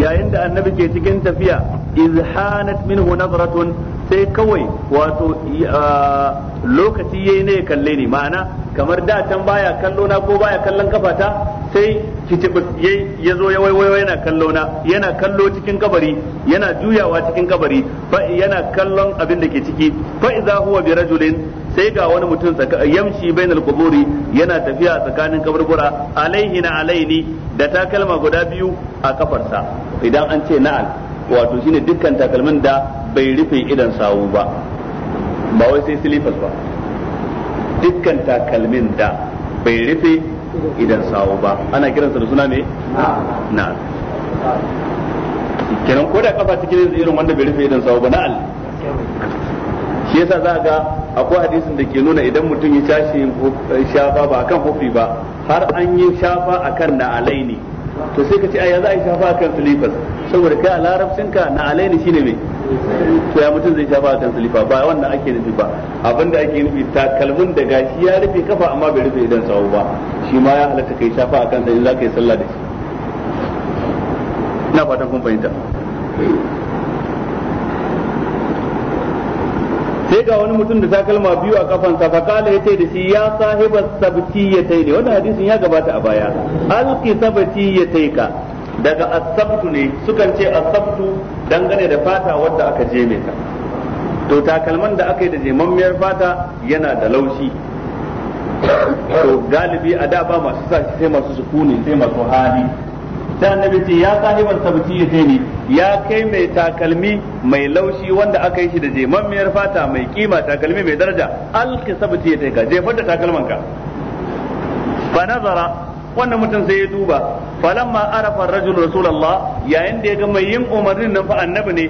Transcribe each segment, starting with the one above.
yeah annabi ke cikin tafiya izhanat minhu nazratun sai kawai wato ah, lokaci yayi ne kalle ni ma'ana kamar da can baya kallo na ko baya kallon kafata sai kitibus yayi yazo ya waiwai yana kallo na yana kallo cikin kabari yana juyawa cikin kabari fa yana kallon abin da ke ciki fa idza huwa bi rajulin sai ga wani mutum yamshi bainal quburi yana tafiya tsakanin kaburbura alaihi na alaini da takalma guda biyu a kafarsa idan an ce na'al wato shine dukkan takalmin da bai rufe idan sawu ba ba wai sai silifas ba dukkan takalmin da bai rufe idan sawu ba ana kiransa da suna ne na'al kenan ko da kafa cikin irin wanda bai rufe idan sawu ba na'al shi yasa za ga akwai hadisin da ke nuna idan mutum ya tashi shafa ba akan kofi ba har an yi shafa akan na'alai ne to sai ka ce ai za a yi shafa akan silifas saboda kai a larabcinka na alaini shine mai to ya mutum zai shafa kan silifa ba wannan ake nufi ba abinda ake nufi takalmin da gashi ya rufe kafa amma bai rufe idan sawu ba shi ma ya halatta kai shafa a kansa in za ka yi sallah da shi ina fatan kun fahimta sai ga wani mutum da takalma biyu a kafansa fa kala yace da shi ya sahiba sabtiyatai ne wannan hadisin ya gabata a baya alqi sabtiyataika daga asabtu ne sukan ce asabtu dangane da fata wadda aka je mai ta to takalman da aka yi da jemammiyar fata yana da laushi to galibi a da ba masu sa sai masu sukuni sai masu hali sai annabi ce ya sahiban sabti ya ni ya kai mai takalmi mai laushi wanda aka yi shi da jemammiyar fata mai kima takalmi mai daraja alki sabti ya ka jefar da ka." fa nazara wannan mutum sai ya duba falamma arafa ar-rajul rasulullah yayin da ya ga mai yin umarnin nan fa annabi ne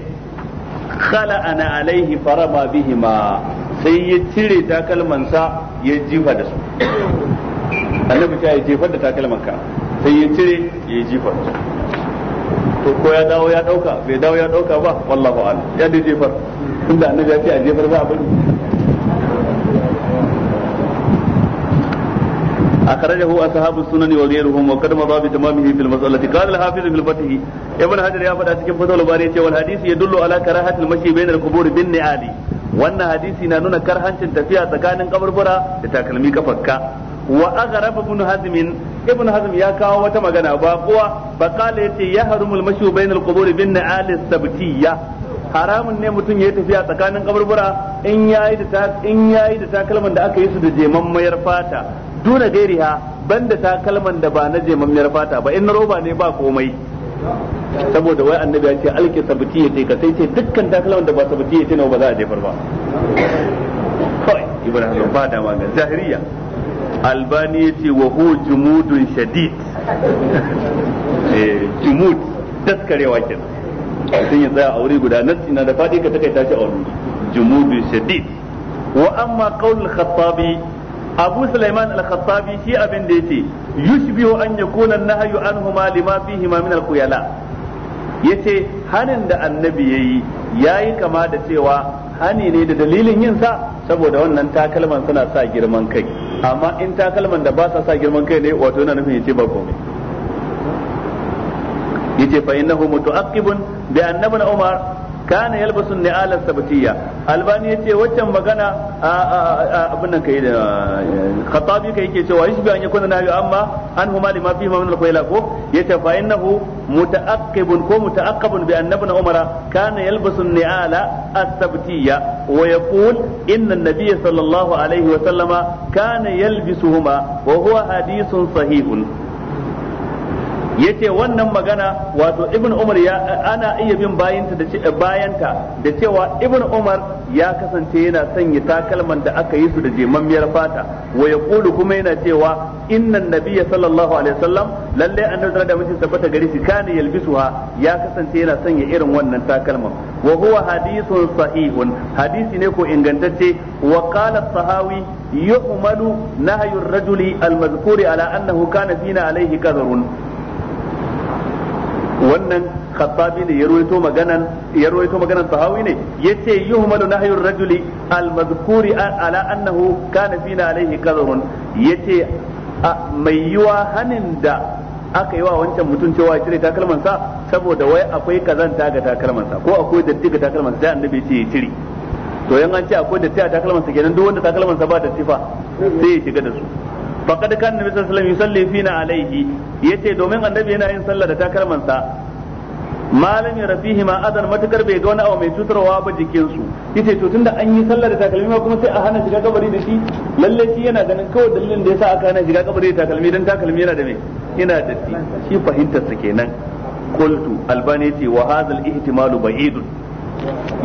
khala ana alaihi farama bihima sai ya cire takalmansa ya jifa da su annabi ta ya jefar da takalmanka sai ya cire ya jifa da to ko ya dawo ya dauka bai dawo ya dauka ba wallahu a'lam ya dai jefar tunda annabi ya ce a jefar ba abin أخرجه أصحاب السنن وغيرهم وقد مضى بتمامه في المسألة قال الحافظ في الفتح ابن حجر يا فتاة فتح الباري والحديث يدل على كراهة المشي بين القبور بالنعال wannan hadisi na nuna karhancin tafiya tsakanin kaburbura da takalmi kafakka wa agharab ibn hazm ibn hazm ya kawo wata magana ba kuwa ba kala ya haramun ne mutum ya yi tafiya tsakanin kaburbura in yayi da ta in yayi da takalman da aka yi su da jemammayar fata duna gairiha banda takalman da ba na jemammayar fata ba in roba ne ba komai saboda wai annabi ya ce alke sabuti ya ce ka sai ce dukkan takalman da ba sabuti ya ce na ba za a jefar ba kai ibrahim ba dama ga zahiriya albani ya ce wa hu jumudun shadid eh jumud daskarewa kenan mutum ya tsaya a wuri guda nassi na da faɗi ka takaita tashi a wuri jumudu shadid wa amma qaul khattabi abu sulaiman al-khattabi shi abin da yace yushbihu an yakuna an-nahyu anhuma lima fihi ma min al-khuyala yace hanin da annabi yayi yayi kama da cewa hani ne da dalilin yin sa saboda wannan takalman suna sa girman kai amma in takalman da ba sa sa girman kai ne wato yana nufin yace ba komai yace fa innahu mutaaqqibun bi anna ibn umar kana yalbasu ni'ala sabatiyya albani yace waccan magana abin nan kai da khatabi kai yake cewa yashbi an yakuna nahyu amma an huma lima fihi min al-khayla ko yace fa innahu mutaaqqibun ko mutaaqqabun bi anna ibn umar kana yalbasu ni'ala as-sabatiyya wa yaqul inna an-nabiy sallallahu alaihi wa sallama kana yalbisuhuma wa huwa hadithun sahihun yace wannan magana wato ibn umar ya ana iya bin bayanta da bayanta da cewa ibn umar ya kasance yana sanya takalman da aka yi su da jemammiyar fata wa Kulu kuma yana cewa innan nabiyya sallallahu alaihi wasallam lalle annabi da mutum tabbata gare shi kana yalbisuha ya kasance yana sanya irin wannan takalman wa huwa hadithun sahihun hadisi ne ko ingantacce wa qala sahawi yu'malu nahyu ar-rajuli al-madhkuri ala annahu kana fina alaihi kadharun wannan khattabi ne ya ruwaito maganan ya ruwaito maganan sahawi ne yace yuhmalu nahyu ar-rajuli al-madhkuri ala annahu kana fina alaihi qadrun yace mai wa hanin da aka yi wa wancan mutum cewa ya cire takalmansa saboda wai akwai kazanta ga takalmansa ko akwai datti ga takalmansa sai annabi ce ya cire to yan an ce akwai datti a takalmansa kenan duk wanda takalmansa ba datti fa sai ya shiga da su faqad kan nabi sallallahu alaihi wasallam yusalli fina alaihi yace domin annabi yana yin sallah da takalman sa malam ya rafihi ma adan matukar bai ga wani abu mai cutarwa ba jikin su yace to tunda an yi sallah da takalmi ma kuma sai a hana shiga kabari da shi lalle shi yana ganin kawai dalilin da yasa aka hana shiga kabari da takalmi dan takalmi yana da me yana da shi fahimtar sa kenan qultu albani yace wa hadha al-ihtimalu ba'idun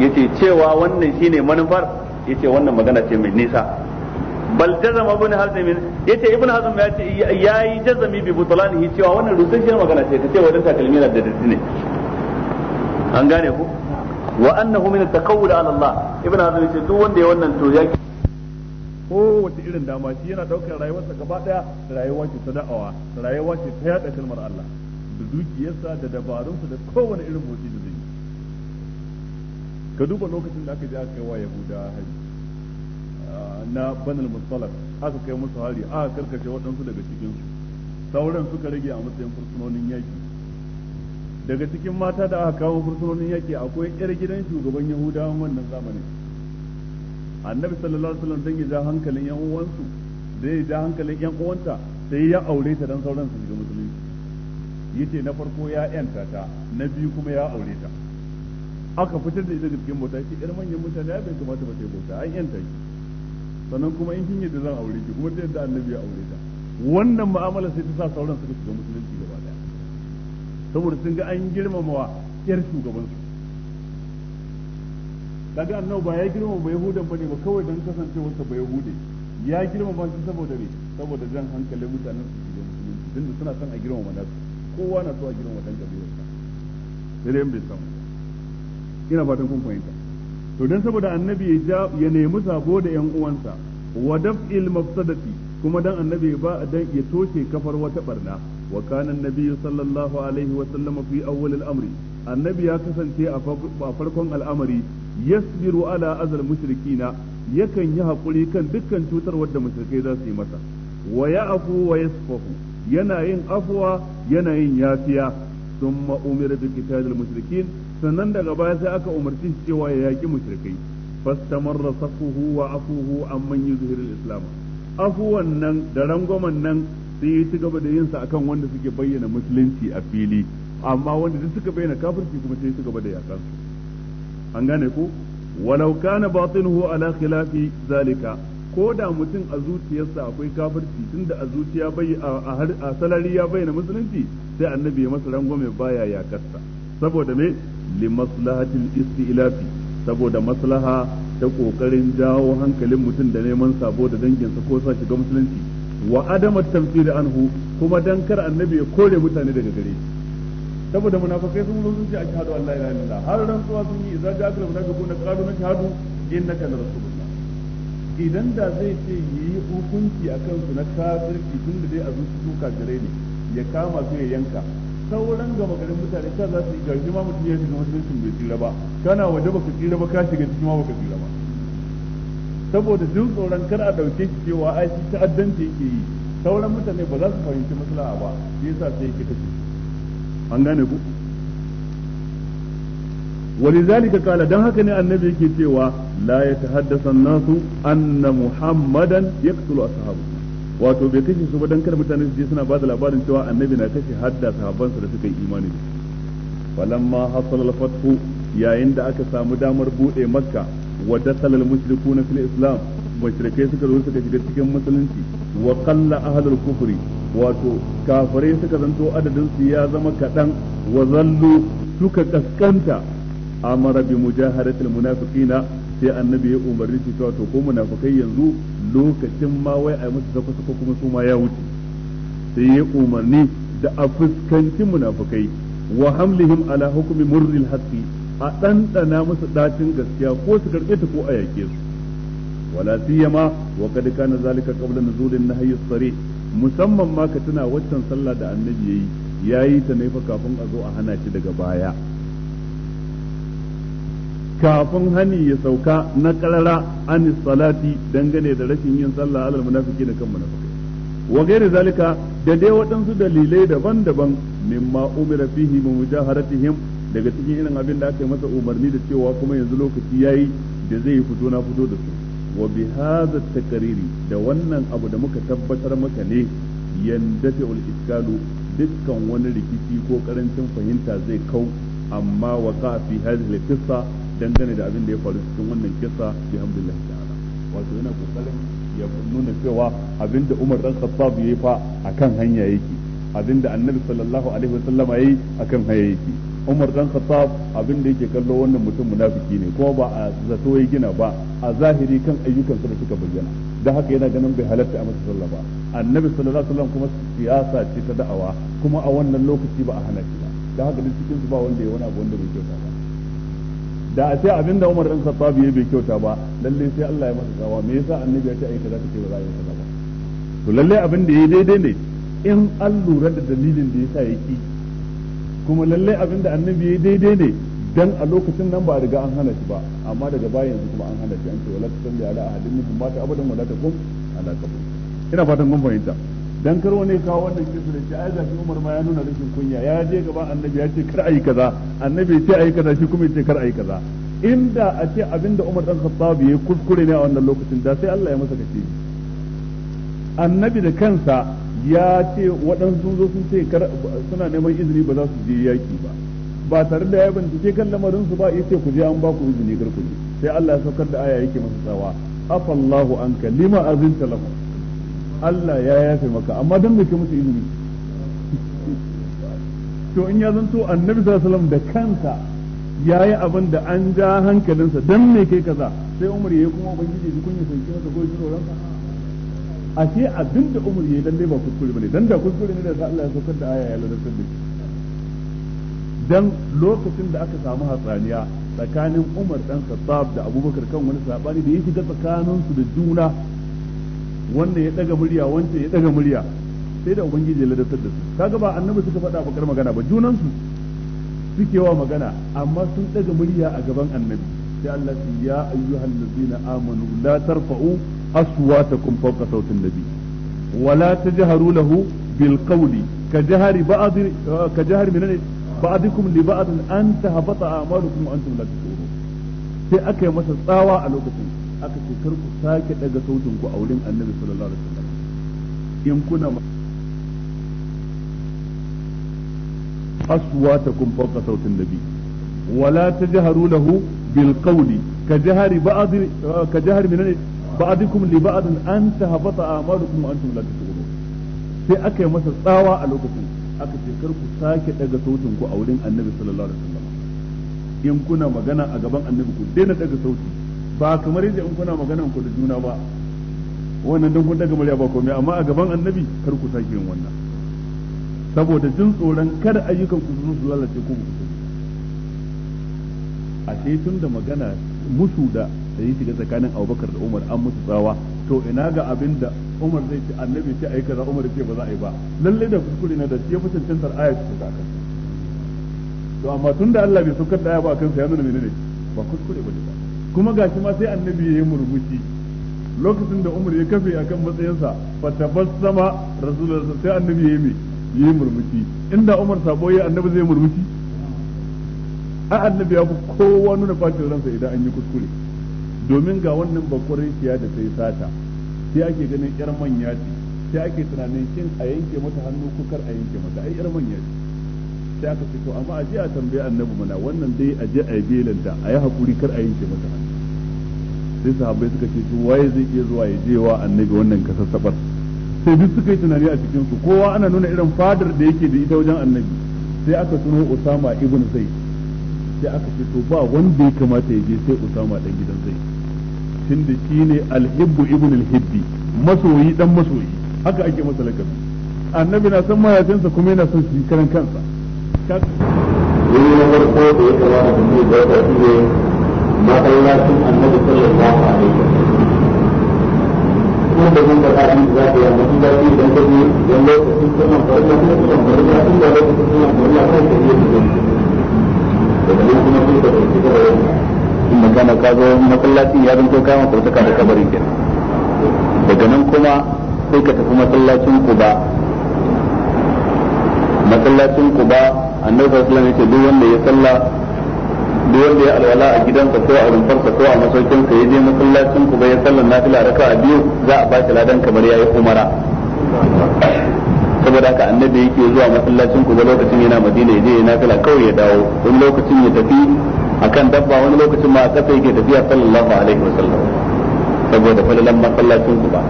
yace cewa wannan shine manufar yace wannan magana ce mai nisa bal jazama ibn hazm yace ibn hazm ya ce yayi jazami bi butlanihi cewa wannan shi magana ce ta ce wannan takalmi na da dadi ne an gane ku wa annahu min at-taqawwul ala Allah ibn hazm yace duk wanda ya wannan to yake wata irin dama shi yana daukar rayuwarsa gaba daya rayuwa ce ta da'awa rayuwa ce ta yada kalmar Allah da dukiyarsa da dabarunsa da kowane irin motsi da zai ka duba lokacin da aka je aka yi wa Yahuda hajji na banal mustalak aka kai musu hari aka karkace waɗansu daga cikinsu sauran suka rage a matsayin fursunonin yaƙi daga cikin mata da aka kawo fursunonin yaƙi akwai 'yar gidan shugaban yahudawan wannan zamanin annabi sallallahu alaihi wasallam dan ya ja hankalin yan uwansu da ya ja hankalin yan uwanta sai ya aure ta dan sauran su ga musulunci yace na farko ya yanta ta na biyu kuma ya aure ta aka fitar da ita cikin bauta shi ƴar manyan mutane ya bai kamata ba sai bauta an yanta shi sannan kuma in kin yadda zan aure ki kuma ta yadda annabi ya aure ta wannan mu'amala sai ta sa sauran suka shiga musulunci gaba daya saboda sun ga an girmamawa yar shugaban su daga annabi ba ya girmama ba yahudan bane ba kawai dan sa ba yahude ya girmama shi saboda ne saboda jan hankalin mutanen su shiga musulunci dinda suna son a girmama su kowa na so a girmama dan kabilarsa sai dai bai samu ina fatan kun fahimta to dan saboda annabi ya nemi sabo da yan uwansa wa daf'il mafsadati kuma dan annabi ba dan ya toshe kafar wata barna wa kana annabi sallallahu alaihi wa sallam fi awwal al-amri annabi ya kasance a farkon al'amari yasbiru ala azal mushrikina yakan yi hakuri kan dukkan cutar wadda mushrikai za su yi masa wa ya'fu wa yasfahu yana yin afwa yana yin yafiya thumma umira bi qitalil mushrikin sannan daga baya sai aka umarci shi cewa ya yaki mushrikai fastamarra safuhu wa afuhu amman yuzhiru al-islam afuwan nan da rangwamen nan sai ya ci gaba da yin sa akan wanda suke bayyana musulunci a fili amma wanda duk suka bayyana kafirci kuma sai ya ci gaba da yakan su an gane ko walau kana batinuhu ala khilafi zalika ko da mutum a zuciyarsa akwai kafirci tunda a zuciya bai a salari ya bayyana musulunci sai annabi ya masa rangwame baya yakarsa saboda me li maslahatil istilafi saboda maslaha ta kokarin jawo hankalin mutum da neman sabo da danginsa ko sa shiga musulunci wa adama tamfiri anhu kuma dan kar annabi ya kore mutane daga gare saboda munafikai sun zo sun ce ashhadu an la ilaha illallah har suwa sun yi idza ja'aka al munafiquna qalu shahadu innaka la rasulullah idan da zai ce yi hukunci akan su na kafirci tun da dai a zuci ka gare ne ya kama su ya yanka sauran gama garin mutane ta za su yi gashi ma mutum ya shiga musuluncin bai tsira ba kana waje baka tsira ba ka shiga ciki ma baka tsira ba saboda duk tsoron kar a dauke shi cewa ai shi ta'addanci yake yi sauran mutane ba za su fahimci maslaha ba shi yasa sai yake tafi an gane ku ولذلك قال دان haka ne annabi yake cewa la yatahaddathu nasu anna muhammadan yaqtulu ashabahu wato bai kashe su ba don kada mutane su je suna ba da labarin cewa annabi na kashe hadda sahabbansa da suka yi imani da falamma hasala al-fathu yayin da aka samu damar bude makka wa dakhala al-mushrikuna fil islam mushrikai suka zo suka shiga cikin musulunci wa qalla ahlul kufri wato kafirai suka zanto adadin su ya zama kadan wa zallu suka kaskanta amara bi mujaharatil munafiqina sai annabi ya umarni cewa to ko munafikai yanzu lokacin ma wai a yi musu sako sako kuma su ma ya wuce sai ya umarni da a fuskanci munafukai wa hamlihim ala hukmi murril haqqi a ɗanɗana musu ɗacin gaskiya ko su karbe ta ko a yake su wala siyama wa kad kana zalika qabla nuzulin nahyi sari musamman ma ka tuna waccan sallah da annabi yayi yayi ta ne fa kafin a zo a hana shi daga baya kafin hani ya sauka na karara an salati dangane da rashin yin sallah alal munafiki da kan munafiki wa gairi zalika da dai waɗansu dalilai daban-daban mimma umira fihi min mujaharatihim daga cikin irin abin da aka masa umarni da cewa kuma yanzu lokaci yayi da zai fito na fito da su wa bi hadha takariri da wannan abu da muka tabbatar maka ne yandafi ul iskalu dukkan wani rikici ko karancin fahimta zai kau amma waqa fi hadhihi qissa dangane da abin da ya faru cikin wannan kissa bi hamdulillah ta'ala wato yana kokarin ya nuna cewa abin da Umar dan Khattab yayi fa akan hanya yake abin da Annabi sallallahu alaihi wasallam yayi akan hanya yake Umar dan Khattab abin da yake kallo wannan mutum munafiki ne kuma ba a zato ya gina ba a zahiri kan ayyukansa da suka bayyana da haka yana ganin bai halatta a masa sallah ba Annabi sallallahu alaihi wasallam kuma siyasa ce ta da'awa kuma a wannan lokaci ba a hana shi ba da haka duk cikin su ba wanda ya wani abu wanda bai kyauta ba da a ce abin da Umar ɗan Khattab ya bai kyauta ba lalle sai Allah ya masa tsawa me yasa annabi ya ce ai kaza kace ba za a yi kaza ba to lalle abin da yayi daidai ne in an lura da dalilin da yasa ya ki kuma lalle abin da annabi yayi daidai ne dan a lokacin nan ba a riga an hana shi ba amma daga baya yanzu kuma an hana shi an ce wala a ala ahadin minhum mata abadan wala takum ala qabr ina fatan mun fahimta dan kar wani kawo wannan kisa da shi ai ga shi Umar ma ya nuna rashin kunya ya je gaba annabi ya ce kar ayi kaza annabi ya ce ayi kaza shi kuma ya ce kar ayi kaza inda a ce abinda Umar dan Khattab ya kuskure ne a wannan lokacin da sai Allah ya masa kace annabi da kansa ya ce waɗansu sun zo sun ce kar suna neman izini ba za su je yaki ba ba tare da ya bincike kan lamarin su ba yace ku je an ba ku izini kar ku sai Allah ya saukar da aya yake masa tsawa afallahu anka lima azinta lahum Allah ya yafe maka amma dan me musu izini to in ya zanto annabi sallallahu alaihi wasallam da kansa yayi abin da an ja hankalinsa dan me kai kaza sai Umar yayi kuma ubangiji ji kunya sai masa ko jiro tsoron a ce abin da Umar yayi dai ba kuskure bane dan da kuskure ne da Allah ya saukar da aya ya lalatar da shi dan lokacin da aka samu hatsaniya tsakanin Umar dan Khattab da Abubakar kan wani sabani da yake ga tsakaninsu da juna wannan ya daga murya wancan ya daga murya sai da ubangiji ya ladabtar da su kaga ba annabi suka faɗa bakar magana ba junan su suke wa magana amma sun daga murya a gaban annabi sai Allah ya ya ayyuhal ladzina amanu la tarfa'u aswatakum fawqa sautin nabi wala tajharu lahu bil qawli kajhari ba'd kajhari min ba'dikum li ba'd an tahbata a'malukum wa antum la tashurun sai aka yi masa tsawa a lokacin aka ce kar ku sake daga sautin ku a wurin annabi sallallahu alaihi wasallam in kuna aswatakum fawqa sautin nabi wala tajharu lahu bil qawli kajhari ba'd kajhari min ba'dikum li ba'd an tahbata a'malukum wa antum la sai aka yi masa tsawa a lokacin aka ce kar ku sake daga sautin ku a wurin annabi sallallahu alaihi wasallam in kuna magana a gaban annabi ku daina daga sauti ba kamar yadda in kuna magana ku da juna ba wannan dan kun daga murya ba komai amma a gaban annabi kar ku sake yin wannan saboda jin tsoron kada ayyukan ku su lalace ko ku ce tun da magana musu da da yi shiga tsakanin Abubakar da Umar an musu tsawa to ina ga abin da Umar zai ce annabi ce yi kaza Umar ce ba za a yi ba lallai da kuskure na da ya fi cancantar aya ta saka to amma tun da Allah bai sukar da aya ba a kansa ya nuna menene ba kuskure ba ne ba kuma ga shi ma sai annabi ya yi murmushi lokacin da umar ya kafe a kan matsayinsa sama rasulunsa sai annabi ya yi murmushi inda umar sabo ya annabi zai murmushi a annabi ya fi kowa nuna fashin ransa idan an yi kuskure domin ga wannan bakwarin siya da sai sata sai ake ganin yar manya ce sai ake tunanin shin a yanke mata hannu ko kar a yanke mata ai yar manya ce sai aka ce amma a je a tambaye annabi mana wannan dai a je a yi belanta a yi hakuri kar a yanke mata hannu sai sahabbai suka ce su waye zai iya zuwa ya je wa annabi wannan kasassabar sai duk suka yi tunani a cikin su kowa ana nuna irin fadar da yake da ita wajen annabi sai aka tuno Usama ibn Zaid sai aka ce to ba wanda ya kamata ya je sai Usama dan gidan Zaid tunda ne al-hibbu ibn al-hibbi masoyi dan masoyi haka ake masa lakabi annabi na san mayatinsa kuma yana son su karan kansa. Wani na farko da ya kamata da ya ba masallacin annabi sallallahu alaihi wasallam kuma da mun da kafin za ka yi mutum da idan ka je idan lokacin sunan farilla ko sunan farilla tun da lokacin sunan farilla kai ka je da zai daga nan kuma sai ka ɗauki da rawan in magana ka zo masallacin ya zanto kama kurtuka da kabari kenan daga nan kuma sai ka tafi masallacin kuba masallacin kuba annabi sallallahu alaihi wasallam yace duk wanda ya sallah duk wanda ya alwala a gidansa ko a rumfarsa ko a masaukinsa ya je masallacin ku bai sallar nafila raka a biyu za a baki ladan kamar yayi umara saboda haka annabi yake zuwa masallacin ku lokacin yana madina ya je ya nafila kawai ya dawo wani lokacin ya tafi akan dabba wani lokacin ma a kasa yake tafiya sallallahu alaihi wasallam saboda falalan masallacin ku ba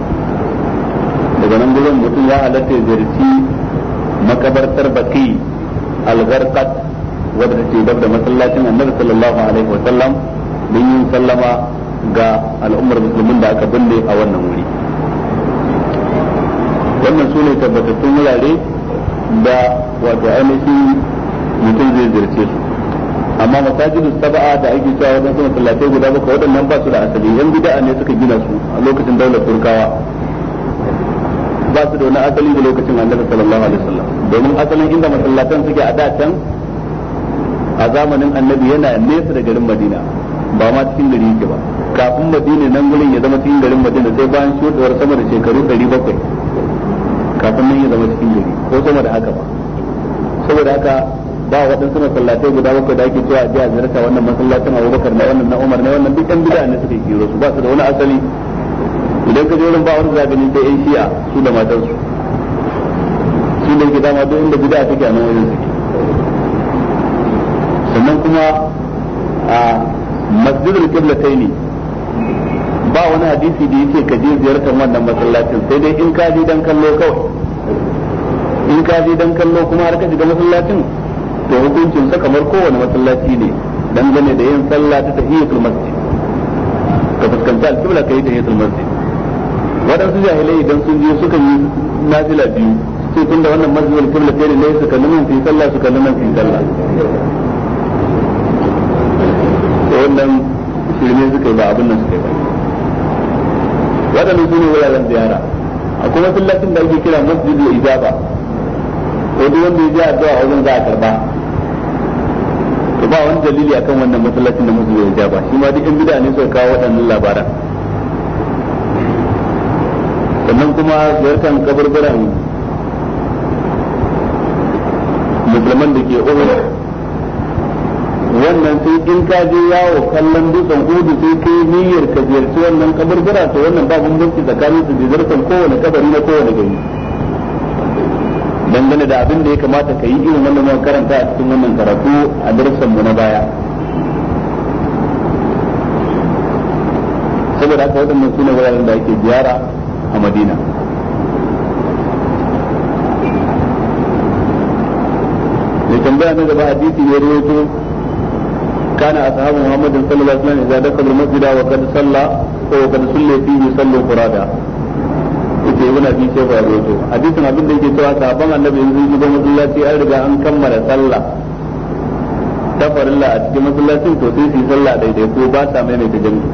daga nan gurin mutum ya halatta ziyarci makabartar baki algarkat wadda take dab da masallacin annabi sallallahu alaihi wa sallam don yin sallama ga al'ummar musulmin da aka binne a wannan wuri wannan sune tabbatattun wurare da wato ainihin mutum zai zirce su amma masajidu sab'a da ake cewa wajen suna sallatai guda baka waɗannan ba su da asali yan bid'a ne suka gina su a lokacin daular turkawa ba su da wani asali da lokacin annabi sallallahu alaihi wasallam domin asalin inda masallatan suke a da can a zamanin annabi yana nesa da garin madina ba ma cikin gari yake ba kafin madina nan gurin ya zama cikin garin madina sai bayan shuɗewar sama da shekaru 700 kafin nan ya zama cikin gari ko sama da haka ba saboda haka ba waɗansu masallatai guda bakwai da ake cewa a jiya ziyarta wannan masallacin abubakar na wannan na umar na wannan duk yan gida ne suka kiro su ba su da wani asali idan ka je wurin ba wani zagani sai yan shiya su da matarsu su da gida ma duk inda bida take a nan wajen suke sannan kuma a masjidul ne ba wani hadisi da yake ka je ziyartar wannan masallacin sai dai in ka ji dan kallo kawai in ka ji dan kallo kuma har ka shiga masallacin to hukuncin sa kamar kowane masallaci ne dangane da yin sallah ta tahiyatul masjid ka fuskanta alqibla kai tahiyatul masjid waɗansu jahilai idan sun je suka yi nafila biyu sai tunda wannan masjidul qibla kai ne suka nuna fi sallah suka nuna fi sallah da wannan shirme suka yi ba abin nan suka yi ba waɗannan su ne wuraren ziyara kuma tallafin da ake kira da ijaba ko duk wanda ya je addu'a wajen za a karba to ba wani dalili akan wannan masallacin da da ijaba shi ma duk yan bid'a ne suka kawo waɗannan labaran sannan kuma ziyartar kaburburan musulman da ke umar wannan sai in ka je yawo kallon dutsen hudu sai kai niyyar ka ziyarci wannan kaburbura to wannan ba bambanci tsakanin su ziyartar kowane kabari na kowane gari dangane da abin da ya kamata ka yi irin wannan muka karanta a cikin wannan karatu a darasan mu na baya saboda haka waɗannan suna wuraren da ake ziyara a Madina da tambaya na gaba hadisi ne rawaito كان أصحاب محمد صلى الله عليه وسلم إذا دخلوا المسجد وقد صلى وقد صلى فيه يصلوا فرادا yake yana bi sai ba roto hadisin abin da yake cewa sahabban annabi yanzu yi ga masallaci an riga an kammala sallah ta a cikin masallacin to sai su yi sallah daidai ko ba sa mai ta jami'i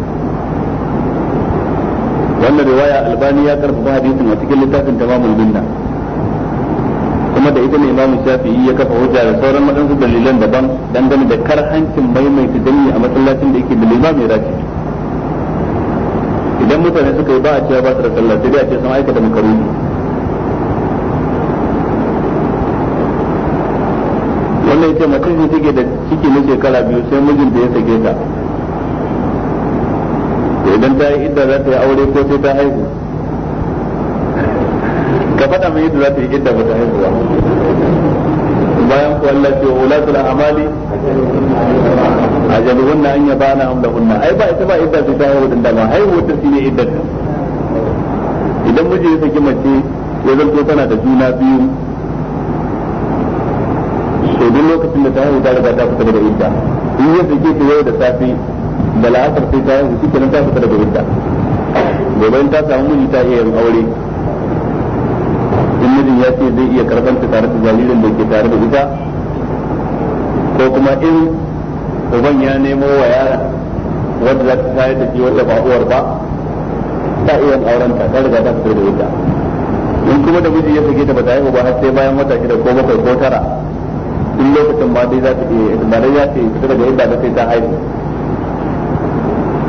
wannan riwaya albani ya karfafa hadisin a cikin littafin tamamul binna kuma da ita ne imamu shafi'i ya kafa hujja da sauran waɗansu dalilan daban dangane da karhancin maimaita jami'i a masallacin da yake da limami rashi idan mutane suka yi ba a cewa ba su da sallah sai a ce sun aikata makaruni wannan ya ce mutum ne take da ciki na shekara biyu sai mijinta ya sake ta idan ta yi idda za ta yi aure ko sai ta haihu ka faɗa mai yadda za ta yi ba ta haihuwa bayan ku Allah ce wa ulatul amali ajaluhunna an yabana amlahunna ai ba ita ba idda ta haihu din da ma haihu ta shine idda idan miji ya saki mace ya zanto tana da juna biyu to duk lokacin da ta haihu ta riga ta fita daga idda in ya ta yau da safe da la'asar sai ta haihu shi kenan ta fita daga idda gobe ta samu miji ta iya yin aure in mijin ya ce zai iya karɓar ta tare da jaririn da ke tare da ita ko kuma in uban ya nemo wa yara wadda za ta tare da shi wadda ba uwar ba ta iya auren ta riga ta fito da ita in kuma da miji ya fage ta ba ta yi ba har sai bayan wata shida ko bakwai ko tara in lokacin ba dai za ta iya ba dai ya ce fito daga inda ta sai ta haihu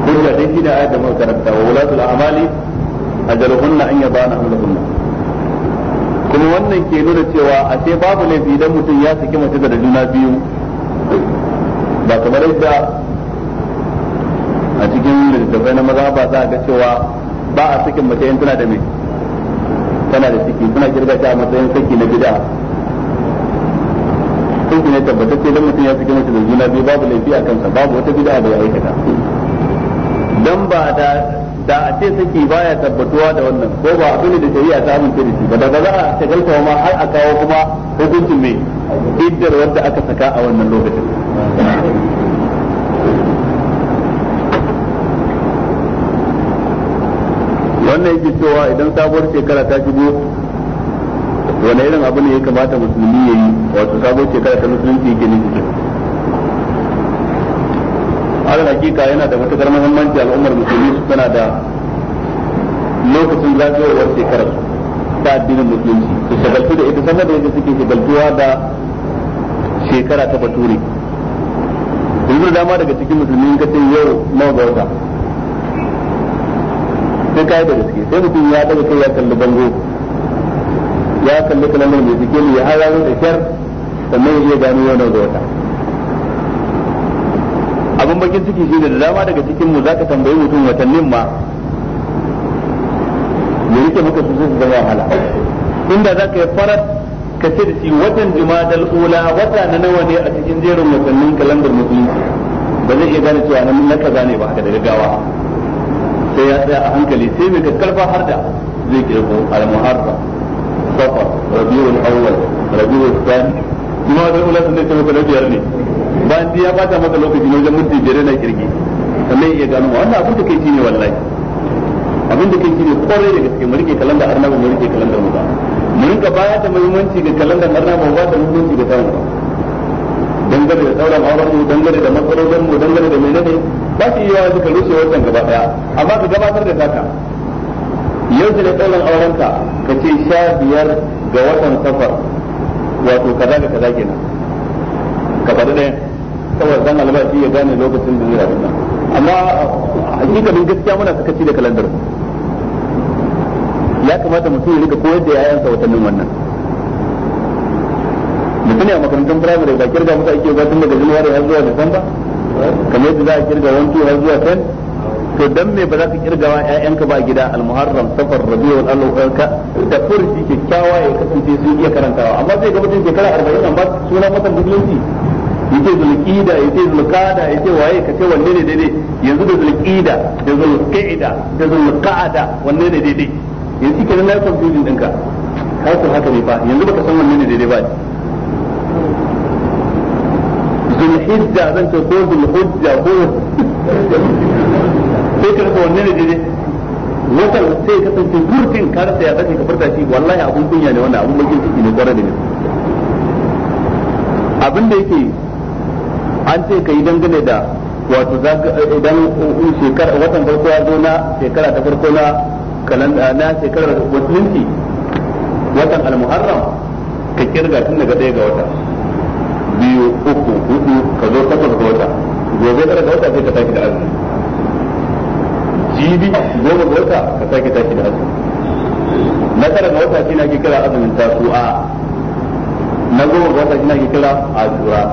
hujja dai shi da ayat da muka karanta wa wulatul a'mali ajaluhunna an yadana hamlahunna kuma wannan ke nuna cewa a ce babu laifi idan mutum ya saki mace da juna biyu ba kamar yadda a cikin littattafai na maza ba za a ga cewa ba a sakin mace yin tana da mai tana da ciki tana kirga ta a matsayin saki na gida saki ne tabbatacce don mutum ya saki mace da juna biyu babu laifi a kansa babu wata gida da ya aikata dan ba da da a ce saki baya tabbatuwa da wannan ko ba abu ne da shari'a ta amince da shi ba da za a tagalta ma har a kawo kuma hukuncin mai iddar wanda aka saka a wannan lokacin wannan yake cewa idan sabuwar shekara ta shigo wani irin abu ne ya kamata musulmi ya yi wato sabuwar shekara ta musulunci ke nufi har hakika yana da matukar muhimmanci al'ummar musulmi su tana da lokacin zagayowar shekarar ta addinin musulunci su shagaltu da ita sama da yadda suke shagaltuwa da shekara ta bature yanzu dama daga cikin musulmi ka ce yau nawa ga ka yi da gaske sai mutum ya daga kai ya kalli bango ya kalli kalamar mai zikeli ya hararo da kyar sannan ya iya gano yau nawa wata abin bakin ciki shi da dama daga cikin mu zaka tambayi mutum watannin ma ya rike maka su zai zama wahala inda ka yi farat ka ce da shi watan jumadal ula wata na nawa ne a cikin jerin watannin kalandar musulunci ba zai iya gane cewa nan mun naka gane ba haka da gaggawa sai ya tsaya a hankali sai mai kakkarfa har da zai kirgo al-muharram safar rabiul awwal rabiul thani kuma da ula sun ce maka na biyar ne bayan ya bata maka lokaci na wajen mutum jere na kirki sannan ya gano wannan abin da kai shine wallahi abin da kai shine kwarai da gaske mu rike kalandar arnabu mu rike kalandar mu mu rinka baya da muhimmanci ga kalandar arnabu ba da muhimmanci ga tamu dangane da sauran auren mu dangane da matsalolin mu dangane da menene ba su iya suka rushe wannan gaba daya amma ka gabatar da saka yau da sauran aurenka ka ce sha biyar ga watan safar wato kaza da kaza kenan ka faɗi ɗaya kawai zan albashi ya gane lokacin da zai rabu amma hakikalin gaskiya muna sakaci da kalandar ya kamata mutum ya rika koyar da yayansa watannin wannan mutum ne a makarantar firamare ba kirga musa ake ba tun daga januwari har zuwa disamba kamar yadda za a kirga wanki har zuwa ten to dan me ba za ka kirgawa ƴaƴanka ba gida almuharram safar safar rabiul awwal eh, ka da furci kyakkyawa ya kasance sun iya karantawa amma zai ga mutum shekara 40 an ba sunan matan musulunci yake zulqida yake zulqada yake waye kace wanne ne daidai yanzu da zulqida da zulqida da zulqada wanne ne daidai yanzu kenan na confusion dinka kai haka ne fa yanzu baka san wanne ne daidai ba zulhijja zan ce ko zulhujja ko sai ka rasa wanne ne daidai watan sai ka tsanci burtin ka rasa ya zaka ka furta shi wallahi abun kunya ne wannan abun bakin ciki ne kwarai da ne abin da yake an ce ka yi dangane da wato idan uh, shekara watan farko ya zo na shekara ta farko na kalanda na shekarar musulunci watan almuharram ka kirga tun daga ɗaya ga wata biyu uku hudu ka zo takwas ga wata gobe tara ga wata sai ka tashi da azumi jibi goma ga wata ka sake tashi da azumi na tara ga wata shi na ke kira azumin tasu'a na goma ga wata shi na ke kira azura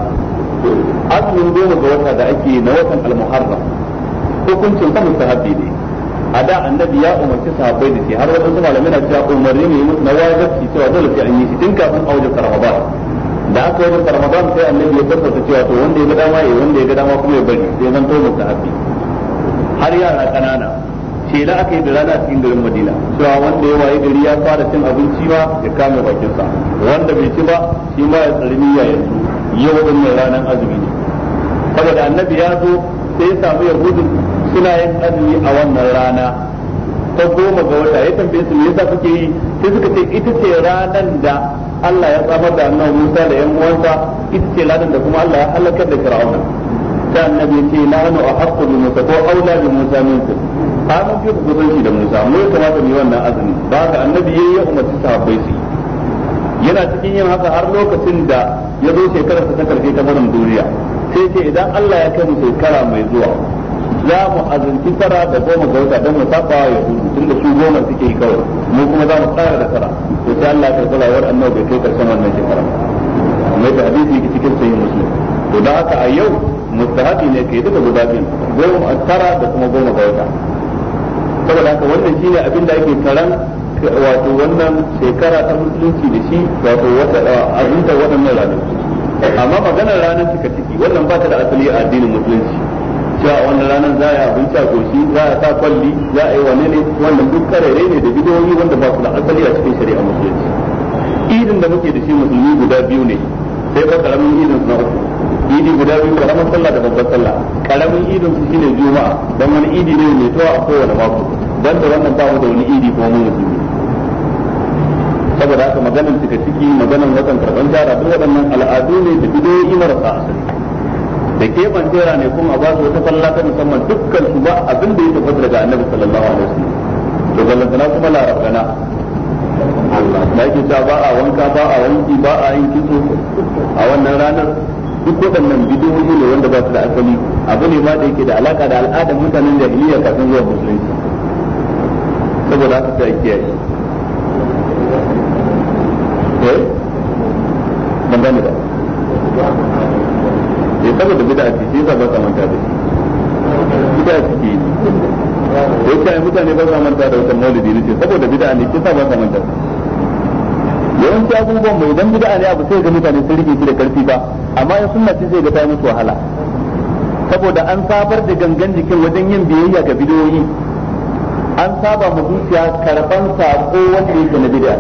azumin goma ga wata da ake na watan al hukuncin sa mustahabi ne a da annabi ya umarci sahabbai da shi har wadansu malamai na cewa umarni ne na wajibi cewa dole sai an yi shi in kafin a wajen ramadan da aka wajen ramadan sai annabi ya tabbata cewa to wanda ya ga dama ya wanda ya ga dama kuma ya bari sai zan to mustahabi har yara kanana shela aka yi da rana cikin garin madina cewa wanda ya waye gari ya fara cin abinci ma ya kame bakinsa wanda bai ci ba shi ma ya tsarmi ya yanzu yau din mai ranar azumi ne saboda annabi ya zo sai ya samu yahudin suna yin azumi a wannan rana ta goma ga wata ya tambaye su me yasa kuke yi sai suka ce ita ce ranan da Allah ya tsamar da annabi Musa da yan uwansa ita ce ranan da kuma Allah ya halakar da Fir'auna sai annabi ya ce nahnu ahaqqu bi Musa ko aula bi Musa minkum ba mun fi shi da Musa mu ya kamata mu yi wannan azumi ba haka annabi yayi ya ta sahabbai su yana cikin yin haka har lokacin da ya zo shekarar ta karfe ta barin duniya sai ce idan Allah ya kai mu shekara mai zuwa za mu azanci tara da goma ga wata don mu saba ya hudu tun da su goma suke yi kawai mu kuma za mu tsara da tara to sai Allah ya karɓi rayuwar annabi bai kai karshen wannan shekara mai da hadisi yake cikin sahih muslim to da haka a yau mustahabi ne kai duka guda biyu goma tara da kuma goma ga wata saboda haka wannan shine abin da ake karan wato wannan shekara ta musulunci da shi wato wata azinta waɗannan ranaku amma maganar ranar cika ciki wannan ba ta da asali a addinin musulunci cewa wannan ranar za a yi abinci a goshi za a sa kwalli za a yi wane ne wannan duk karere ne da bidiyoyi wanda ba su da asali a cikin shari'a musulunci idin da muke da shi musulmi guda biyu ne sai ba karamin idin na uku idi guda biyu karamin sallah da babbar sallah karamin idin su shine juma'a dan wani idi ne mai tawa a kowane mako dan da wannan ba mu da wani idi ko mu musulmi saboda haka maganin cika ciki maganin watan karban jara duk waɗannan al'adu ne da bidoyi marasa asali da keban tera ne kuma ba su wata falla ta musamman dukkan su ba abin da ya tabbat daga annabi sallallahu alaihi wasallam to ballantana kuma larabana da ake cewa ba a wanka ba a wanki ba a yin kitso a wannan ranar duk waɗannan bidiyoyi ne wanda ba su da asali abu ne ma da yake da alaka da al'adar mutanen jahiliya kafin zuwa musulunci saboda haka sai kiyaye Eh? Eh, saboda bid'a da da saboda yawanci abubuwan mai idan bid'a ne abu sai ga mutane sun rike shi karfi ba amma in sunna ce sai ga musu wahala saboda an sabar da gangan jikin wajen yin biyayya ga bidiyoyi an saba mu zuciya karban sako wanda yake na bid'a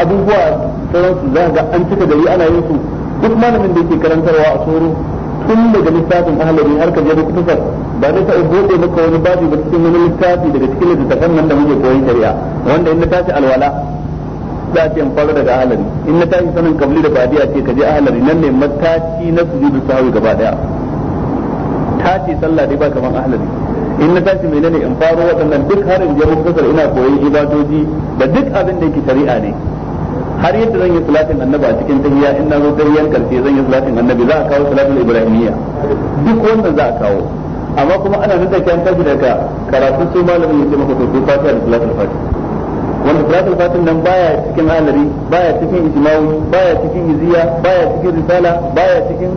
abubuwa su za ga an cika gari ana yin su duk malamin da yake karantarwa a tsoro tun daga littafin ahalari har ka je da kutasar ba ne ta buɗe maka wani babi ba cikin wani littafi daga cikin littattafan nan da muke koyon shari'a wanda in na tashi alwala za a ce in fara daga ahalari in na tashi sanin kabli da badiya ce ka je ahalari nan ne mataci na sujudu sahwi gaba daya tashi sallah dai ba kaman ahalari in na tashi menene in faro waɗannan duk har in je ina koyon ibadoji da duk abin da yake shari'a ne har yadda zan yi salatin annabi a cikin tahiyya in na zo tahiyyan karshe zan yi salatin annabi za a kawo salatin ibrahimiyya duk wannan za a kawo amma kuma ana nan da kan tafi daga karatu su malamin yake maka to ko fatiha da salatul fatiha wanda salatul nan baya cikin alari baya cikin baya cikin iziya baya cikin risala baya cikin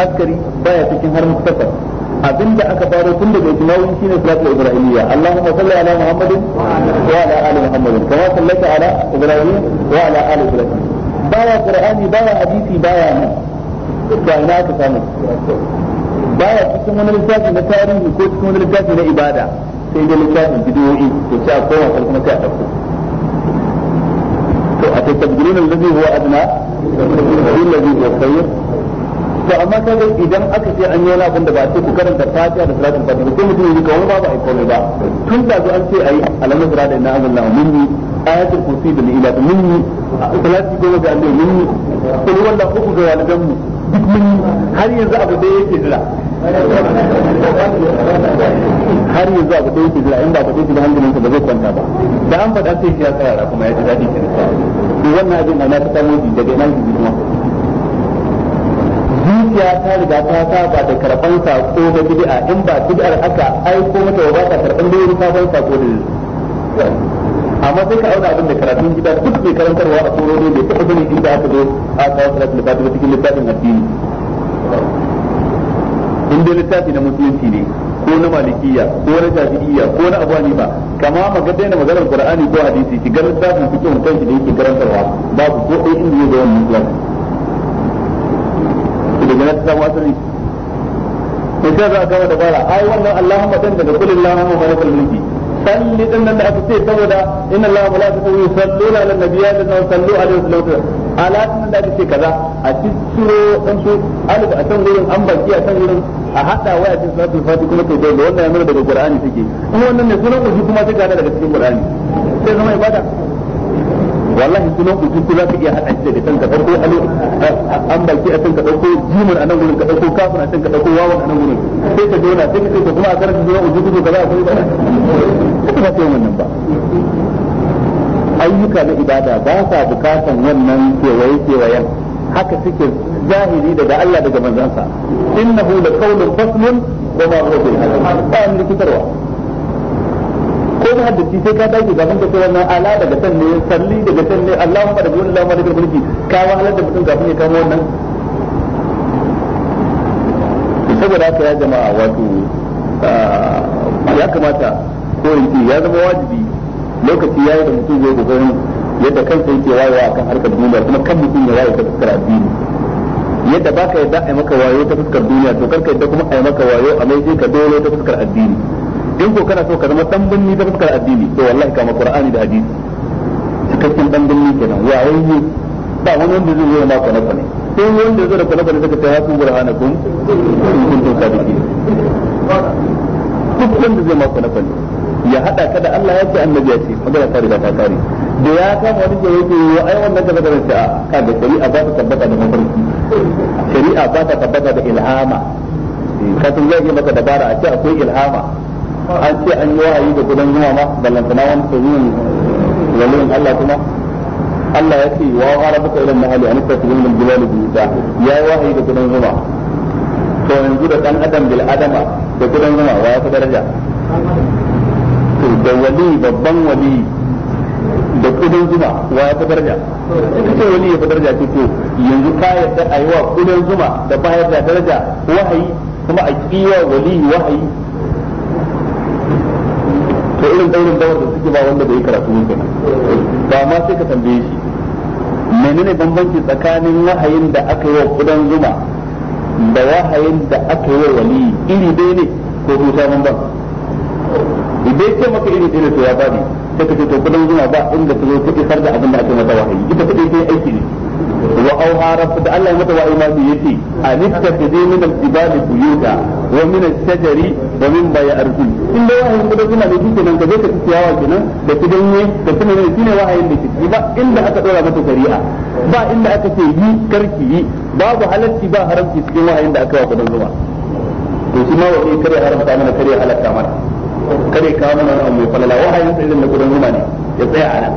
askari baya cikin har mutafa أبدا أكبر كل بيت نوم فينا ثلاثة إبراهيمية اللهم صل على محمد وعلى آل محمد كما صليت على إبراهيم وعلى آل إبراهيم بايا قرآني بايا حديثي بايا من كائنات كامل بايا كتن من الكاتب من تاريخ كتن من الكاتب من إبادة سيد الكاتب من بدوء وشاء قوة فالكما تأخذ أتتبدلون الذي هو أدنى الذي هو خير to amma kaga idan aka ce an yi wani abin da ba a ce ku karanta fatiha da salatul fatiha sai mutum ya kawo ba ba a komai ba tun da an ce ayi alamu sura inna azalla minni ayatul kursi da ila minni salati goma ga Allah minni to wanda uku ga walidan mu duk minni har yanzu abu da yake jira har yanzu abu da yake jira in ba ka ce da hankalin ka ba zai kwanta ba da an faɗa sai ya tsaya kuma ya ji daɗi kenan to wannan abin na ta samu daga nan kuma zuciya ta riga ta saba da karban sako da bid'a in ba bid'ar haka ai ko mata ba ta karban da wani sabon sako da amma sai ka auna abin da karatun gida duk mai karantarwa a tsoro ne mai taɓa gani gida aka zo a kawo salatul fatiha cikin littafin addini in dai littafi na musulunci ne ko na malikiya ko na shafi'iyya ko na abu ba kama maga daina maganar qur'ani ko hadisi ki ga littafin cikin kanki da yake karantarwa babu ko ɗaya inda ya zo wannan littafin daga na ta samu asali to sai za ka kawo dabara ai wannan Allahumma dan daga kullu Allahumma malikul mulki salli din nan da aka ce saboda inna Allah wa malaikatahu yusalluna ala nabiyyi da sallu alaihi wasallam ala din da aka ce kaza a cikin dan su alif a san gurin an baki a san gurin a hada waya cikin salatul fati kuma to dai wannan ya nuna daga Qur'ani take in wannan ne sunan uji kuma take daga cikin Qur'ani sai zama ibada wallahi sunan mutum ko za ka iya haɗa shi daga can ɗauko alo an baki a can ɗauko jimar a nan gurin ka ɗauko kafin a can ɗauko wawan a nan gurin sai ka jona sai ka ce ka kuma a karanta sunan mutum ko ka za a koyi ba ba ta yin wannan ba ayyuka na ibada ba sa bukatan wannan kewaye kewayen haka suke zahiri daga Allah daga manzansa innahu la qawlun faslun wa ma huwa bil ba an likitarwa ko ba haddace sai ka dace gaban ka kowa na ala daga san ne salli daga san ne Allahumma rabbul ma rabbul mulki ka wahalar da mutum kafin ya kama wannan saboda haka ya jama'a wato ah, ya kamata ko yanzu ya zama wajibi lokaci yayi da mutum zai gobe yadda kansa yake wayewa akan harkar duniya kuma kan mutum ya waye ta fuskar addini yadda baka yadda a maka wayo ta fuskar duniya to karka yadda kuma a maka wayo a mai ka dole ta fuskar addini in ko kana so ka zama dan binni da fuskar addini to wallahi kama qur'ani da hadisi cikakken dan binni kenan wayayye ba wani wanda zai yi maka na kwana kwana sai wanda zai da kwana kwana suka ta hasu kun in kuntum sadiqin duk wanda zai maka na kwana ya hada ka da Allah ya ce annabi ya ce magana ta riga ta kare da ya ka wani da yake yi wa ai wannan da zaka ce a ka da shari'a ba ta tabbata da mafarki shari'a ba ta tabbata da ilhama eh, kafin zai yi maka dabara a ce akwai ilhama an ce an yi wa'ayi da gudan zuma ma ballantana wani tsohon waliyin Allah kuma Allah ya ce wa wa rabuka ilan mahali an ta sabiyin bil bilal bi da ya yi wa'ayi da gudan zuma to yanzu da dan adam bil adama da gudan zuma wa ya fi daraja to da wali babban wali da kudin zuma wa ya fi daraja ita ce wali ya fi daraja ce ko yanzu ka yadda a yi wa kudin zuma da bayar da daraja wahayi kuma a kiwa wali wahayi to irin daurin dawar da suke ba wanda bai yi karatu ne ba ma sai ka tambaye shi menene bambanci tsakanin wahayin da aka yi wa kudan zuma da wahayin da aka yi wa wali iri dai ne ko su sha ba idan ce maka iri dai ne to ya bani sai ka ce to kudan zuma ba inda ta zo ta isar da abin da ake mata wahayi ita ta yi aiki ne wa auha rabbu da Allah ya mata wa'i ma bi yace anittakhidhi min al-jibali buyuta wa min ash-shajari wa min bayi arzi in da wahayin kudu suna da shi kenan ka je ka ci ciyawa kenan da ki ne da kuma ne shine wahayin da kike ba inda aka dora mata shari'a ba inda aka ce yi karki yi babu halacci ba haramci cikin wahayin da aka wa kudin zuwa to shi ma wani kare haramta mana kare halatta mana kare kawo mana mai falala wahayin sai da kudin zuwa ne ya tsaya a nan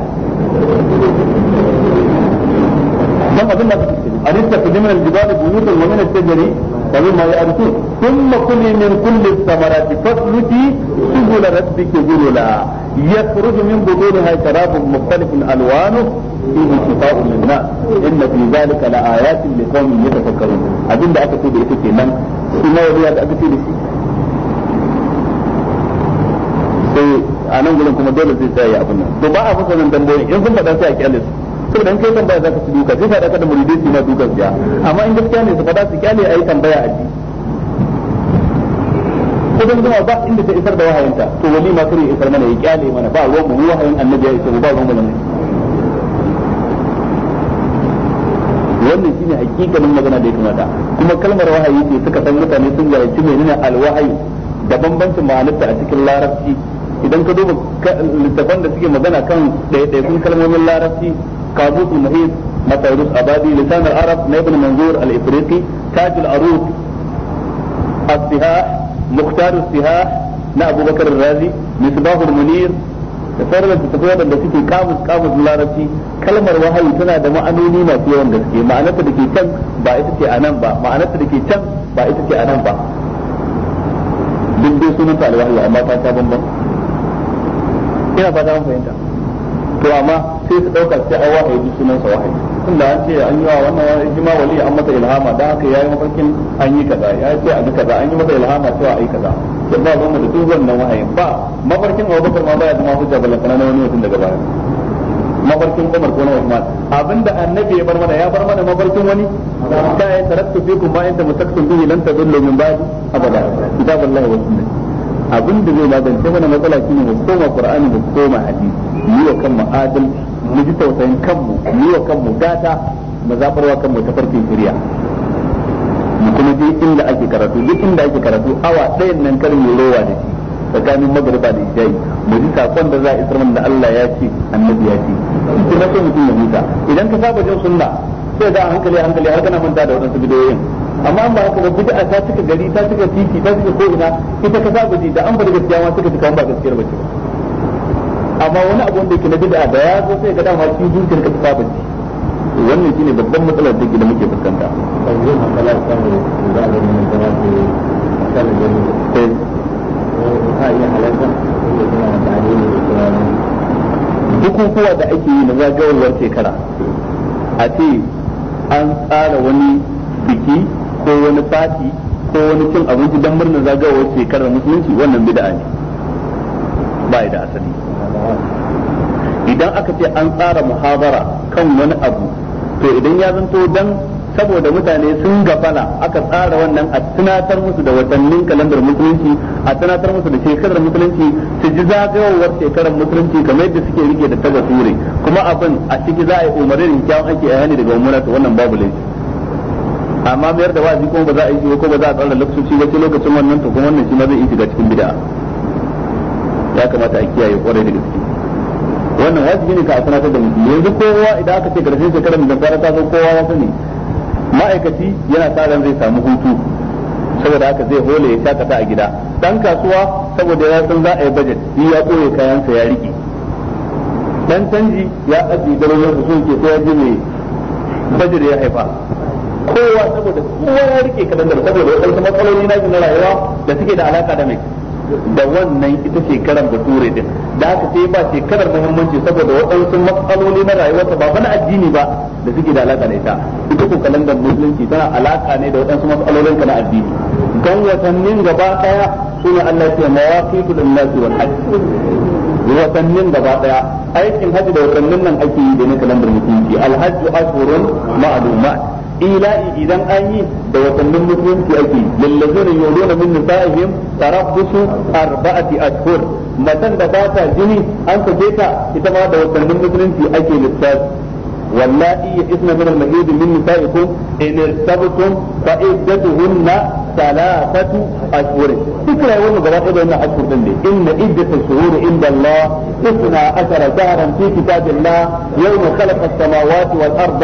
ثم ثم أردت في من الجبال بيوتا ومن الشجر فمما يأرثون ثم كلي من كل الثمرات فاسلكي سبل ربك ذللا يخرج من بطونها شراب مختلف ألوانه فيه شفاء للناس إن في ذلك لآيات لقوم يتفكرون أبين دعك في بيتك من إما وليا دعك في بيتك أنا أقول لكم دولة زيزاية أبنى دباعة فصلا دنبوني إن ثم دنسيك أليس saboda in kai tambaya zaka su duka sai ka da muridai su ma duka ya amma in gaskiya ne su fada su kyale ayi tambaya a ji don zuma ba inda ta isar da wahayinta to wali ma kare isar mana ya kyale mana ba ruwan mu wahayin annabi ya isa mu ba ruwan mu wannan shine hakikanin magana da ya kamata kuma kalmar wahayi ce suka san mutane sun jahilci menene alwahayi da bambancin ma'anarta a cikin larabci idan ka duba littafan da suke magana kan ɗaiɗaikun kalmomin larabci قابوس المحيط مطيروس أبادي لسان العرب نبن منظور الإفريقي تاج العروض السهاح مختار السهاح نا أبو بكر الرازي مصباح المنير فرد التقوى التي في كامس كامس لارتي كلمة وهل تنا دم أنوني ما في عند ذكي معنى تدكي تم بعث تي أنام با معنى تدكي تم بعث تي أنام با بندو سنة على أما تاتا بمبا إيه بعدها فهمت sai su ɗauka sai an wahayi duk sunan sa wahayi da an ce an yi wa wannan wahayi shi wali an masa ilhama da haka yayi mafarkin an yi kaza ya ce a ga kaza an yi masa ilhama cewa yi kaza sai ba gwamma da duk wannan wahayin ba mafarkin Abubakar ma ya zama hujja balantana na wani mutum daga baya mafarkin Umar ko na Uthman abinda annabi ya bar mana ya bar mana mafarkin wani da ya tarattu fi kuma inda mutaktum bihi lan tadullu min ba'di abada kitaballahi wa sunnah abin da zai magance mana matsala shine mu koma qur'ani mu koma hadisi yi wa kan mu adalci mu ji tausayin kanmu mu yi wa kanmu gata mu zabarwa kanmu ta farkin shari'a mu kuma je inda ake karatu duk inda ake karatu awa ɗayan nan karin mu rowa da shi tsakanin magariba da ijai mu ji sakon da za a isar da Allah ya ce annabi ya ce ki na so mutum ya huta idan ka saba jin sunna sai da hankali hankali har kana manta da wadansu bidiyoyin amma ba haka ba bid'a ta cika gari ta cika titi ta cika ko ina ita ka saba ji da an bar gaskiya ma suka cika an ba gaskiyar ce ba amma wani abu wanda yake na bid'a da ya zo sai ga dama shi zuciyar ka ta bace wannan shine babban matsalar da da muke fuskanta bukukuwa da ake yi na zagayowar shekara a ce an tsara wani biki ko wani fati ko wani cin abinci don murnar zagayowar shekarar musulunci wannan bid'a ne ba da asali idan aka ce an tsara muhabara kan wani abu to idan ya zanto dan saboda mutane sun gafala aka tsara wannan a tunatar musu da watannin kalandar musulunci a tunatar musu da shekarar musulunci su ji zagayowar shekarar musulunci kamar yadda suke rike da taga sure kuma abin a ciki za a yi umarin kyawun ake a hani daga ta wannan babu laifi amma mayar da wazi kuma ba za a yi ko ba za a tsara lokaci ba sai lokacin wannan to kuma wannan shi ma zai yi shiga cikin bid'a ya kamata a kiyaye kwarai da gaske wannan wajibi ne ka a sanatar da mutum yanzu kowa idan aka ce karshen shekarar da fara ta zo kowa ya sani ma'aikaci yana sa ran zai samu hutu saboda haka zai hole ya shakata a gida dan kasuwa saboda ya san za a yi budget shi ya koye kayansa ya rike dan canji ya aji dalolin su sun ke sai ya ji mai budget ya haifa kowa saboda kowa ya rike kadan da saboda wasu matsaloli na rayuwa da suke da alaka da mai da wannan ita shekaran bature din da aka ce ba shekarar muhimmanci saboda waɗansu matsaloli na rayuwarsa ba bana addini ba da suke da alaƙa da ita ita ko kalandar musulunci tana alaka ne da waɗansu matsalolin ka na addini don watannin gaba ɗaya sune Allah ya mawaqitu lin-nasi wal hajj watannin gaba ɗaya aikin hajji da watannin nan ake yi da na kalandar musulunci al-hajju ashhurun ma'lumat ila'i idan an yi da watannin musulunci ake lillazina yuluna min nisa'ihim tarabbusu arba'ati ashhur matan da ba ta jini an kaje ta ita ma da watannin musulunci ake lissafi wallahi ya isna min al-mahid min nisa'ikum in irtabtum fa iddatuhunna thalathatu ashhurin فكرة يقول لك بقى إن أكبر إن عدة الشهور عند الله اثنا أثر زهرا في كتاب الله يوم خلق السماوات والأرض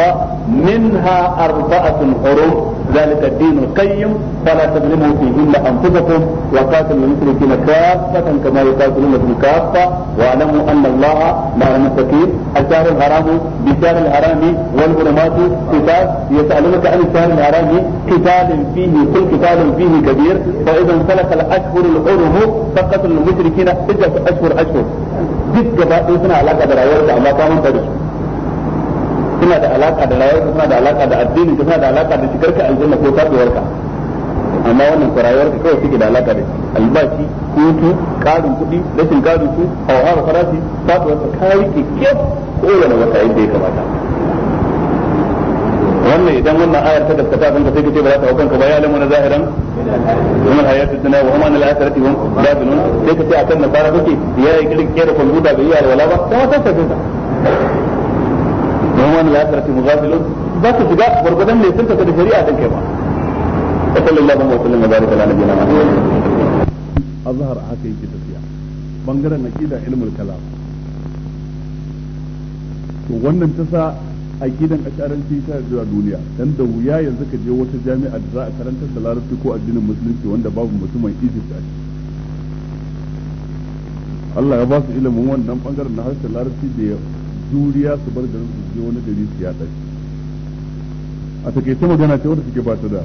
منها أربعة حروف ذلك الدين القيم فلا تظلموا فيهن انفسكم وقاتلوا المشركين كافة كما يقاتلونكم كافة واعلموا ان الله مع المتقين الشهر الحرام بشهر الحرام والظلمات قتال يسألونك عن الشهر الحرام قتال فيه كل قتال فيه كبير فإذا انسلخ الأشهر الحرم فقتلوا المشركين ستة أشهر أشهر جد gaba ɗaya على قدر عيالك rayuwarka amma suna da alaka da rayuwar suna da alaka da addini suna da alaka da shigar ka aljanna ko kasuwar ka amma wannan rayuwar ka kawai suke da alaka da albashi hutu karin kuɗi rashin karin su hauhawar farashi kasuwar ka kayi ko kowane wata yadda ya kamata wannan idan wannan ayar ta daskata abin ka sai kace ba za ta hau kanka ba ya lamuna zahiran kuma hayatu tana wa amma al akhirati hum babilun sai kace akan nasara kake ya yi kirkire da kwamfuta da yi alwala ba ta wata ta wani lafiyarci mugafilun za ka shiga gwargwadon mai sun tafi da shari'a don kai ba sallallahu alaihi wa sallam baraka ala nabiyina muhammad azhar haka yake tafiya bangaren aqida ilmul kalam to wannan ta sa aqidan asharanci ta da duniya dan da wuya yanzu ka je wata jami'a da za a karantar da larabci ko addinin musulunci wanda babu mutumin Egypt a ciki Allah ya ba su ilimin wannan bangaren na harshen larabci da juriya su bar garin su je wani gari su yaɗa shi a takaice magana ce wanda suke ba ta da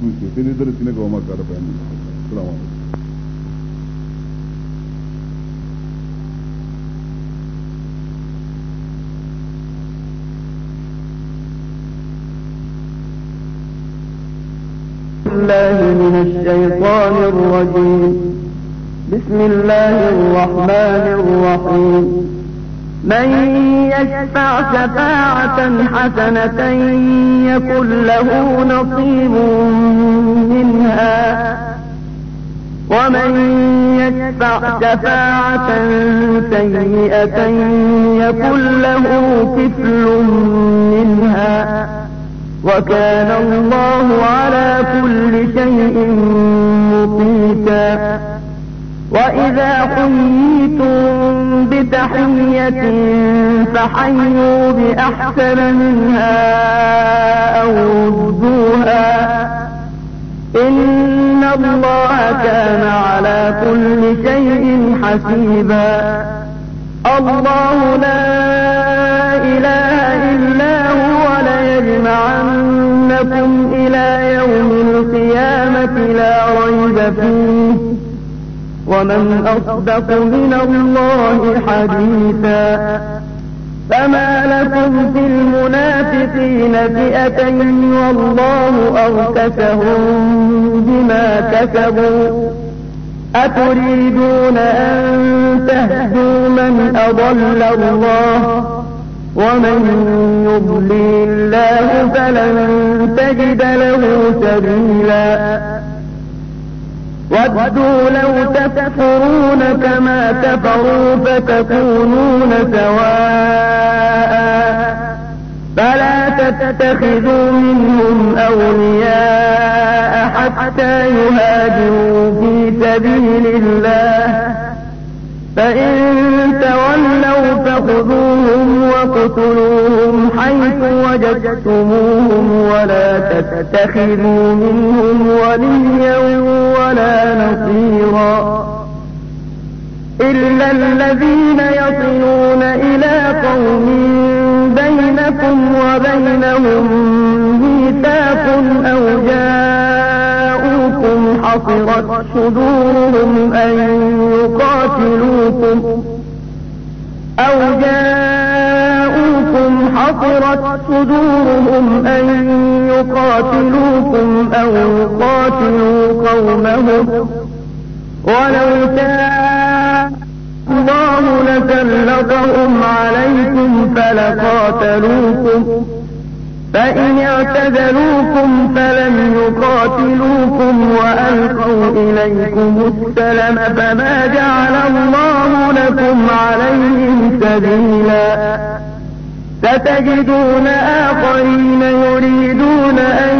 su ce sai dai darasi na gaba ma ƙara bayani salamu alaikum الله من الشيطان الرجيم بسم الله الرحمن الرحيم من يشفع شفاعة حسنة يكن له نصيب منها ومن يشفع شفاعة سيئة يكن له كفل منها وكان الله على كل شيء مقيتا وإذا حييتم تحية فحيوا بأحسن منها أو ردوها إن الله كان على كل شيء حسيبا الله لا إله إلا هو ليجمعنكم إلى يوم القيامة لا ريب فيه ومن أصدق من الله حديثا فما لكم في المنافقين فئتين والله أركسهم بما كسبوا أتريدون أن تهدوا من أضل الله ومن يضلل الله فلن تجد له سبيلا ودوا لو تكفرون كما كفروا فتكونون سواء فلا تتخذوا منهم أولياء حتى يهاجروا في سبيل الله فإن تولوا فخذوهم اقتلوهم حيث وجدتموهم ولا تتخذوا منهم وليا ولا نصيرا إلا الذين يصلون إلى قوم بينكم وبينهم ميثاق أو جاءوكم حصرت صدورهم أن يقاتلوكم أو جاءوكم حصرت صدورهم أن يقاتلوكم أو يقاتلوا قومهم ولو شاء الله لسلطهم عليكم فلقاتلوكم فإن اعتذلوكم فلم يقاتلوكم وألقوا إليكم السلم فما جعل الله لكم عليهم سبيلا ستجدون آخرين يريدون أن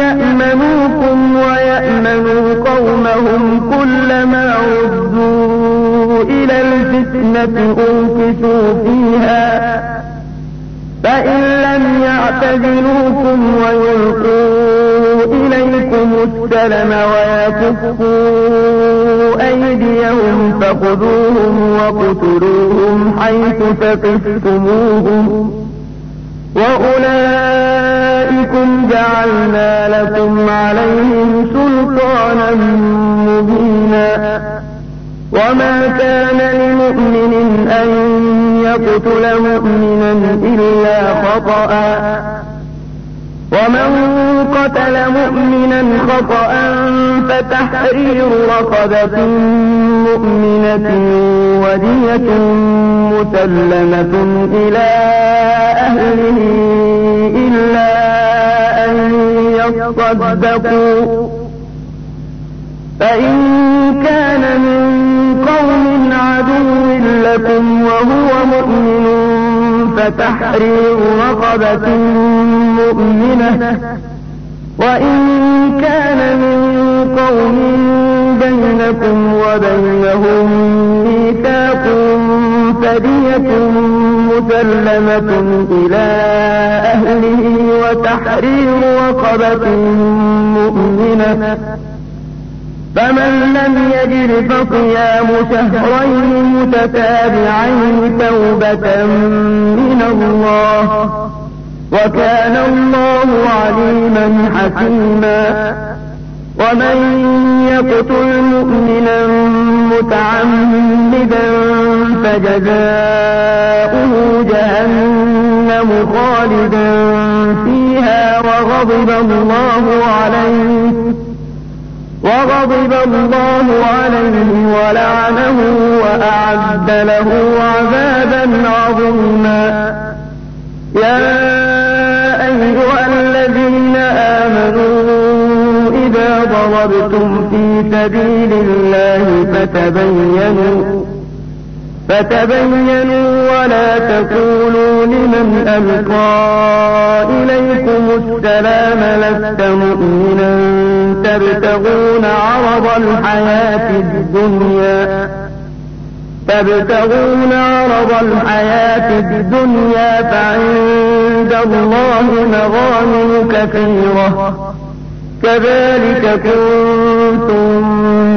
يأمنوكم ويأمنوا قومهم كلما عزوا إلى الفتنة أوكسوا فيها فإن لم يعتذلوكم ويلقون إليكم السلم ويكفوا أيديهم فخذوهم وقتلوهم حيث ثقفتموهم وأولئكم جعلنا لكم عليهم سلطانا مبينا وما كان لمؤمن أن يقتل مؤمنا إلا خطأ ومن قتل مؤمنا خطأ فتحرير رقبة مؤمنة ودية مسلمة إلى أهله إلا أن يصدقوا فإن كان من قوم عدو لكم وهو مؤمن فتحرير رقبة مؤمنة وإن كان من قوم بينكم وبينهم ميثاق فدية مسلمة إلى أهله وتحرير رقبة مؤمنة فمن لم يجد فصيام شهرين متتابعين توبة من الله وكان الله عليما حكيما ومن يقتل مؤمنا متعمدا فجزاؤه جهنم خالدا فيها وغضب الله عليه وغضب الله عليه ولعنه وأعد له عذابا عظيما يا ضربتم في سبيل الله فتبينوا فتبينوا ولا تقولوا لمن ألقى إليكم السلام لست مؤمنا تبتغون عرض الحياة الدنيا تبتغون عرض الحياة الدنيا فعند الله مغانم كثيرة كذلك كنتم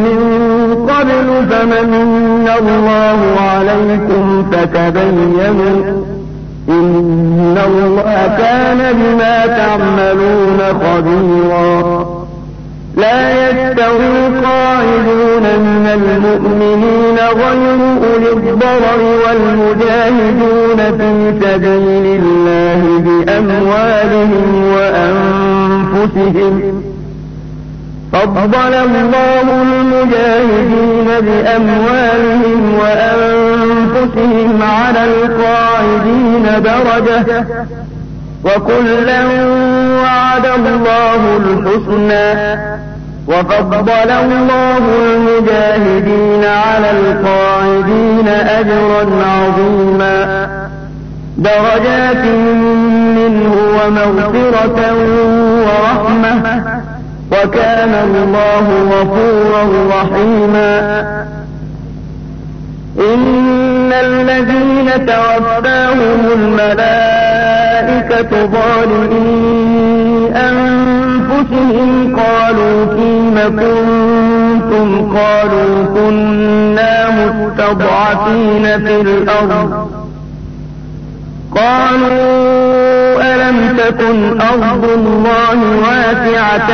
من قبل فمن الله عليكم فتبينوا إن الله كان بما تعملون خبيرا لا يستوي القاعدون من المؤمنين غير أولي الضرر والمجاهدون في سبيل الله بأموالهم وأنفسهم فضل الله المجاهدين بأموالهم وأنفسهم على القاعدين درجة وكلا وعد الله الحسنى وفضل الله المجاهدين على القاعدين أجرا عظيما درجات منه ومغفرة ورحمة وكان الله غفورا رحيما إن الذين توفاهم الملائكة ظالمين أنفسهم قالوا فيم كنتم قالوا كنا مستضعفين في الأرض قالوا ألم تكن أرض الله واسعة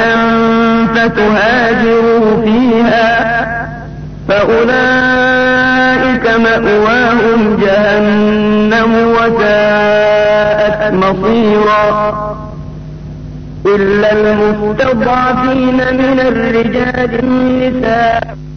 فتهاجروا فيها فأولئك مأواهم جهنم وساءت مصيرا إلا المستضعفين من الرجال النساء